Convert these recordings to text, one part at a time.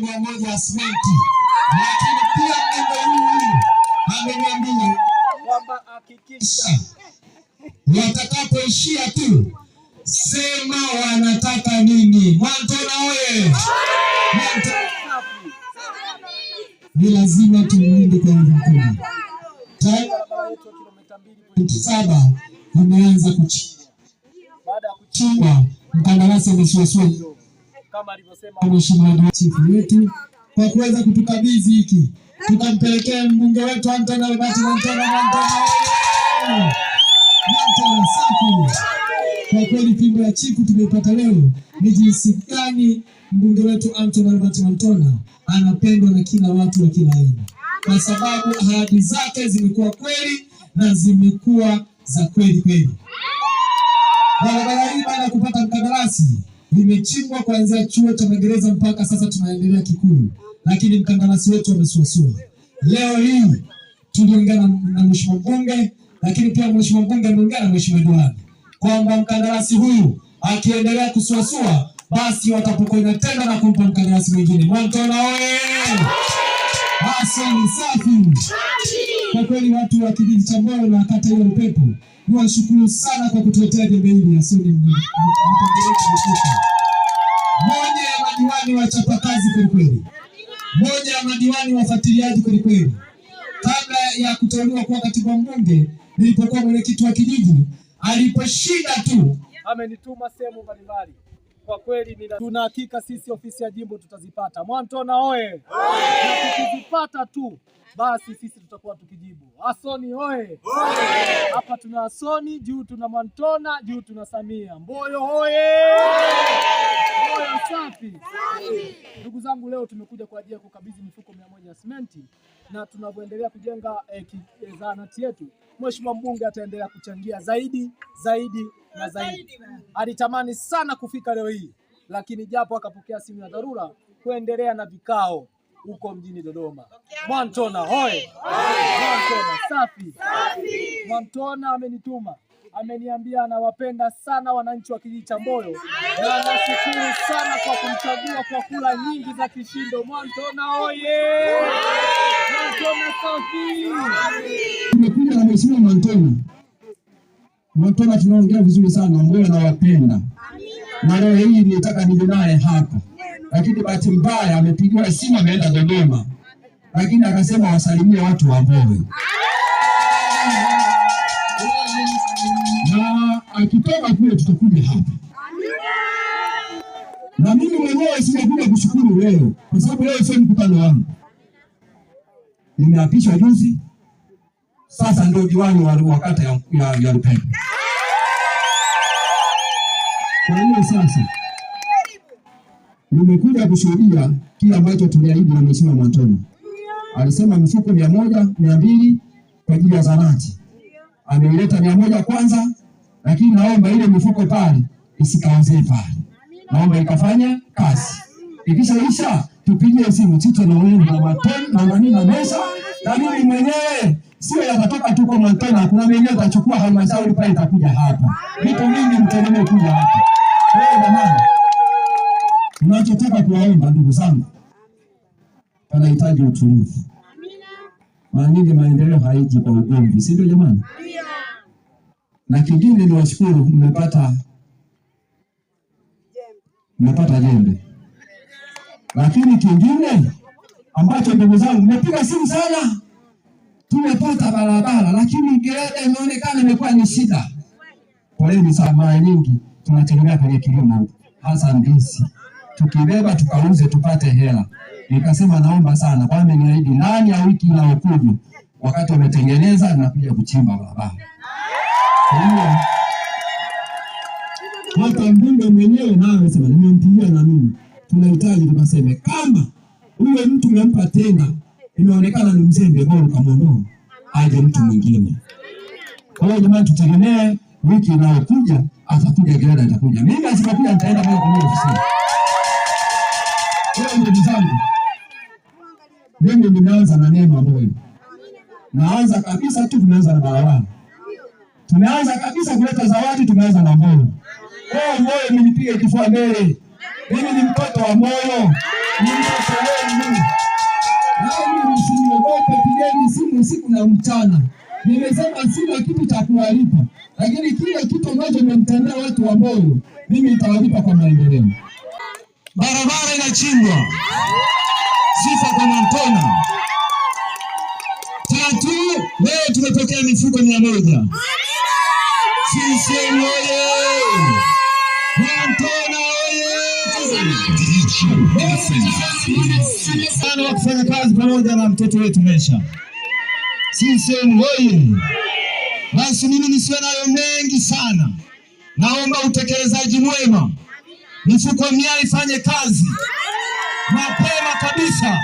mia moja ya simenti, lakini pia MOU ameniambia kwamba hakikisha watakapoishia tu sema wanataka nini. Mwantona oye! Ni lazima tumlinde kwa nguvu saba umeanza kuchimba mkandarasi amesuasua kama mheshimiwa chifu wetu kwa kuweza kutukabidhi hiki, tukampelekea mbunge wetu Anton Albert kwa kweli fimbo ya chifu tumeipata leo, ni jinsi gani mbunge wetu Anton Albert Mantona anapendwa na kila watu wa kila aina, kwa sababu ahadi zake zimekuwa kweli na zimekuwa za kweli kweli. Barabara hii baada ya kupata mkandarasi limechimbwa kuanzia chuo cha magereza mpaka sasa tunaendelea Kikuyu, lakini mkandarasi wetu amesuasua. Leo hii tuliungana na mheshimiwa mbunge, lakini pia mheshimiwa mbunge ameungana na mheshimiwa diwani kwamba mkandarasi huyu akiendelea kusuasua, basi watapokonya tena na kumpa mkandarasi mwingine. Mwantona oye! Hasa ni safi. Kwa kweli watu wa kijiji cha Mbolo na kata ya Lupepo ni washukuru sana kwa kutuletea jembe hili Hasoni moja ya madiwani wachapakazi kwelikweli, moja ya madiwani wafuatiliaji kwelikweli. Kabla ya kuteuliwa kuwa katibu mbunge, nilipokuwa mwenyekiti wa kijiji, aliposhinda tu amenituma sehemu mbalimbali kwa kweli nina hakika sisi ofisi ya jimbo tutazipata. Mwantona oye! Na tukizipata tu basi sisi tutakuwa tukijibu. Asoni oye! Hapa tuna Asoni juu, tuna Mwantona juu, tuna Samia Mboyo oye! Mboyo safi! Ndugu zangu, leo tumekuja kwa ajili ya kukabidhi mifuko mia moja ya simenti na tunavyoendelea kujenga eh, eh zahanati yetu, Mheshimiwa mbunge ataendelea kuchangia zaidi zaidi na zaidi. Alitamani sana kufika leo hii, lakini japo akapokea simu ya dharura kuendelea na vikao huko mjini Dodoma. Mwantona hoye! Mwantona safi! Mwantona amenituma ameniambia anawapenda sana wananchi wa kijiji cha Mboyo na anashukuru sana kwa kumchagua kwa kula nyingi za kishindo. Mwantona oye! Mwantona safi! Nimekuja na mheshimiwa Mwantona Mapema tunaongea vizuri sana, Mbona nawapenda na leo hii nitaka nije naye hapa, lakini bahati mbaya amepigiwa simu, ameenda Dodoma, lakini akasema wasalimie watu wa Mbowe na akitoka kule tutakuja hapa na mimi mwenyewe sinakuja kushukuru leo, kwa sababu leo sio mkutano wangu, nimeapishwa juzi, sasa ndio diwani wa kata ya Lupembe. Kwa hiyo sasa nimekuja kushuhudia kile ambacho tuliahidi na Mheshimiwa Mwantoni. Alisema mifuko mia moja mia mbili kwa ajili ya zanati, ameileta mia moja kwanza, lakini naomba ile mifuko pale isikaozee pale, naomba ikafanya kazi. Ikishaisha tupige simu Tito na Oleni na Matoni na nani na Mesa na mimi mwenyewe, sio yatatoka tu kwa Mwantoni. Kuna mengine atachukua halmashauri pale, itakuja hapa. Vitu vingi mtegemee kuja hapa. Unachotaka kuwaomba ndugu zangu, panahitaji utulivu. Mara nyingi maendeleo haiji kwa ugomvi, si ndio jamani? Na kingine ni washukuru, mmepata mmepata jembe, lakini kingine ambacho ndugu zangu, mmepiga simu sana, tumepata barabara, lakini gereza imeonekana imekuwa ni shida. Kwa hiyo ni mara nyingi tunatembea kwenye kilimo hasa ndizi, tukibeba tukauze tupate hela. Nikasema naomba sana, kwa ameniahidi ndani ya wiki inayokuja, wakati wametengeneza, nakuja kuchimba barabara. Kwa hiyo hata mbunge mwenyewe naye amesema, nimempigia na mimi, tunahitaji tukaseme kama huyo mtu umempa tena, imeonekana ni mzembe, bora ukamwondoa aje mtu mwingine. Kwa hiyo jamani, tutegemee wiki inayokuja atakuja, Gilada atakuja. Mimi asipokuja nitaenda moja kwa moja ofisini. Kwa ndugu zangu, mimi ninaanza na neno moyo, naanza kabisa tu, tunaanza na barabara, tunaanza kabisa kuleta zawadi, tumeanza na moyo. Kwa moyo mimi pia kifua mbele, mimi ni mtoto wa moyo, ni mtoto wenu nami, msiniogope, pigeni simu usiku na mchana. Nimesema sina kitu cha kuwalipa lakini kila kitu ambacho nimemtendea watu wa Moyo, mimi nitawalipa kwa maendeleo. Barabara inachimbwa, sifa kwa Mwantona. Tatu, leo tumetokea mifuko mia moja. Sisi moye, Mwantona oye, wa kufanya kazi pamoja na mtoto wetu Mesha. Sisi moye basi mimi nisiwe nayo mengi sana, naomba utekelezaji mwema, mifuko mia ifanye kazi mapema kabisa.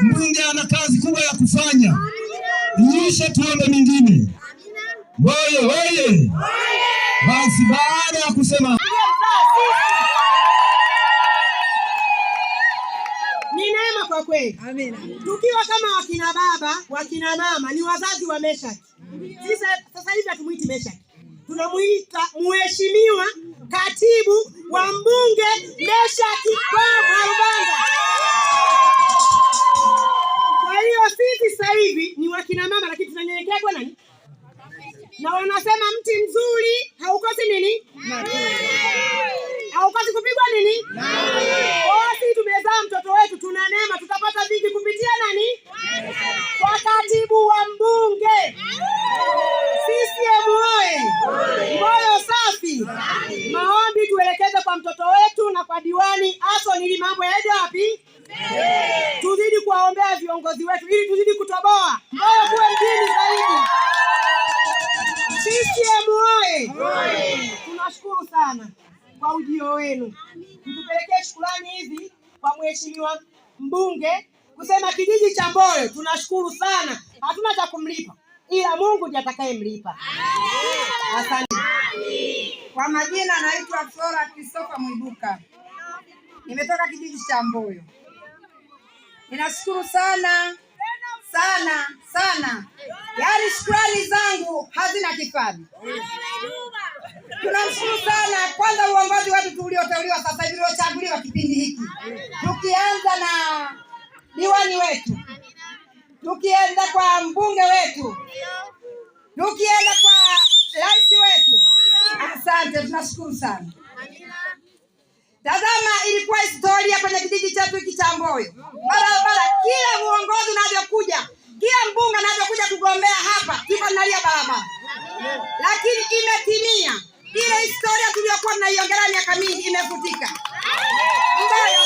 Mbunge ana kazi kubwa ya kufanya, iishe tuombe mingine. Oye oye! Basi baada ya kusema kwa kweli, Tukiwa kama wakina baba wakina mama ni wazazi wa Meshaki sasa hivi hatumuiti Meshaki, tunamuita mheshimiwa katibu wa mbunge Meshaki Mwalubanga. Kwa hiyo sisi sasa hivi ni wakina mama, lakini tunanyenyekea kwa nani na wanasema Maombi tuelekeze kwa mtoto wetu na kwa diwani ason nili mambo yaende wapi? Tuzidi kuwaombea viongozi wetu ili tuzidi kutoboa moyo kuwe mjini zaidi. CCM oye! Tunashukuru sana kwa ujio wenu, mtupelekee shukurani hizi kwa mheshimiwa mbunge kusema kijiji cha Mboyo tunashukuru sana, hatuna cha kumlipa ila Mungu ndiye atakayemlipa. Asante. Kwa majina naitwa Flora Christopher Mwibuka, nimetoka kijiji cha Mboyo. Ninashukuru sana sana sana, yaani shukrani zangu hazina kifani. Tunamshukuru sana kwanza uongozi wetu tulioteuliwa sasa hivi, uliochaguliwa kipindi hiki, tukianza na diwani wetu, tukienda kwa mbunge wetu, tukienda kwa rais wetu Asante, tunashukuru sana. Tazama, ilikuwa historia kwenye kijiji chetu hiki cha Mboyo. Barabara kila uongozi unavyokuja, kila mbunge anavyokuja kugombea hapa, tuko tunalia barabara, lakini imetimia ile historia tuliyokuwa tunaiongelea miaka mingi, imefutika Mboyo.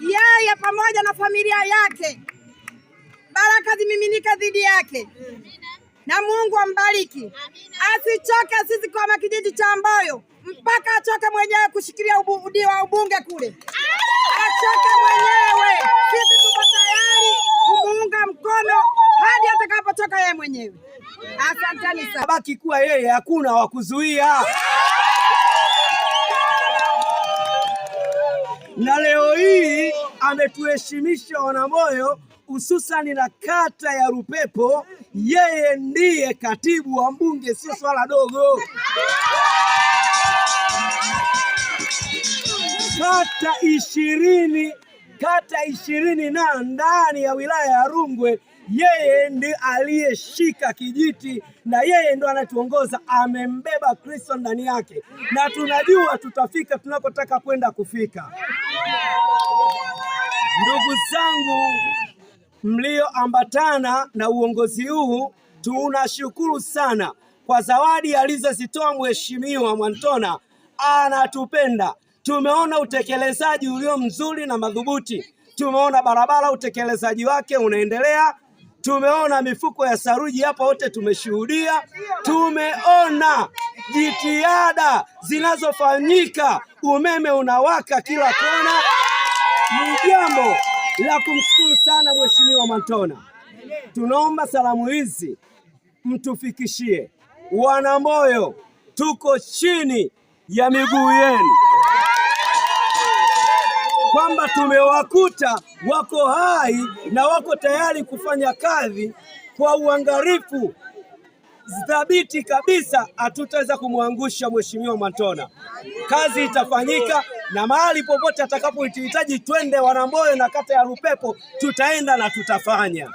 yeye pamoja na familia yake, baraka zimiminika dhidi yake na Mungu ambariki, asichoke asizikwama kijiji cha Mboyo mpaka achoke mwenyewe kushikilia udiwa wa ubunge kule, achoke mwenyewe. Sisi tuko tayari kumuunga mkono hadi atakapotoka yeye mwenyewe. Asanteni sana. Baki kuwa yeye, hakuna wa kuzuia. na leo hii ametuheshimisha Wanamoyo, hususani na kata ya Lupepo. Yeye ndiye katibu wa mbunge, sio swala dogo. Kata ishirini, kata ishirini na ndani ya wilaya ya Rungwe yeye ndi aliyeshika kijiti na yeye ndo anatuongoza, amembeba Kristo ndani yake, na tunajua tutafika tunakotaka kwenda kufika. Ndugu zangu mlioambatana na uongozi huu, tunashukuru sana kwa zawadi alizozitoa Mheshimiwa Mwantona. Anatupenda. Tumeona utekelezaji ulio mzuri na madhubuti, tumeona barabara utekelezaji wake unaendelea tumeona mifuko ya saruji hapa, wote tumeshuhudia, tumeona jitihada zinazofanyika, umeme unawaka kila kona. Ni jambo la kumshukuru sana Mheshimiwa Mantona. Tunaomba salamu hizi mtufikishie. Wanamoyo, tuko chini ya miguu yenu kwamba tumewakuta wako hai na wako tayari kufanya kazi kwa uangalifu thabiti kabisa. Hatutaweza kumwangusha Mheshimiwa Mwantona, kazi itafanyika na mahali popote atakapohitaji twende, Wanamboyo na kata ya Lupepo tutaenda na tutafanya.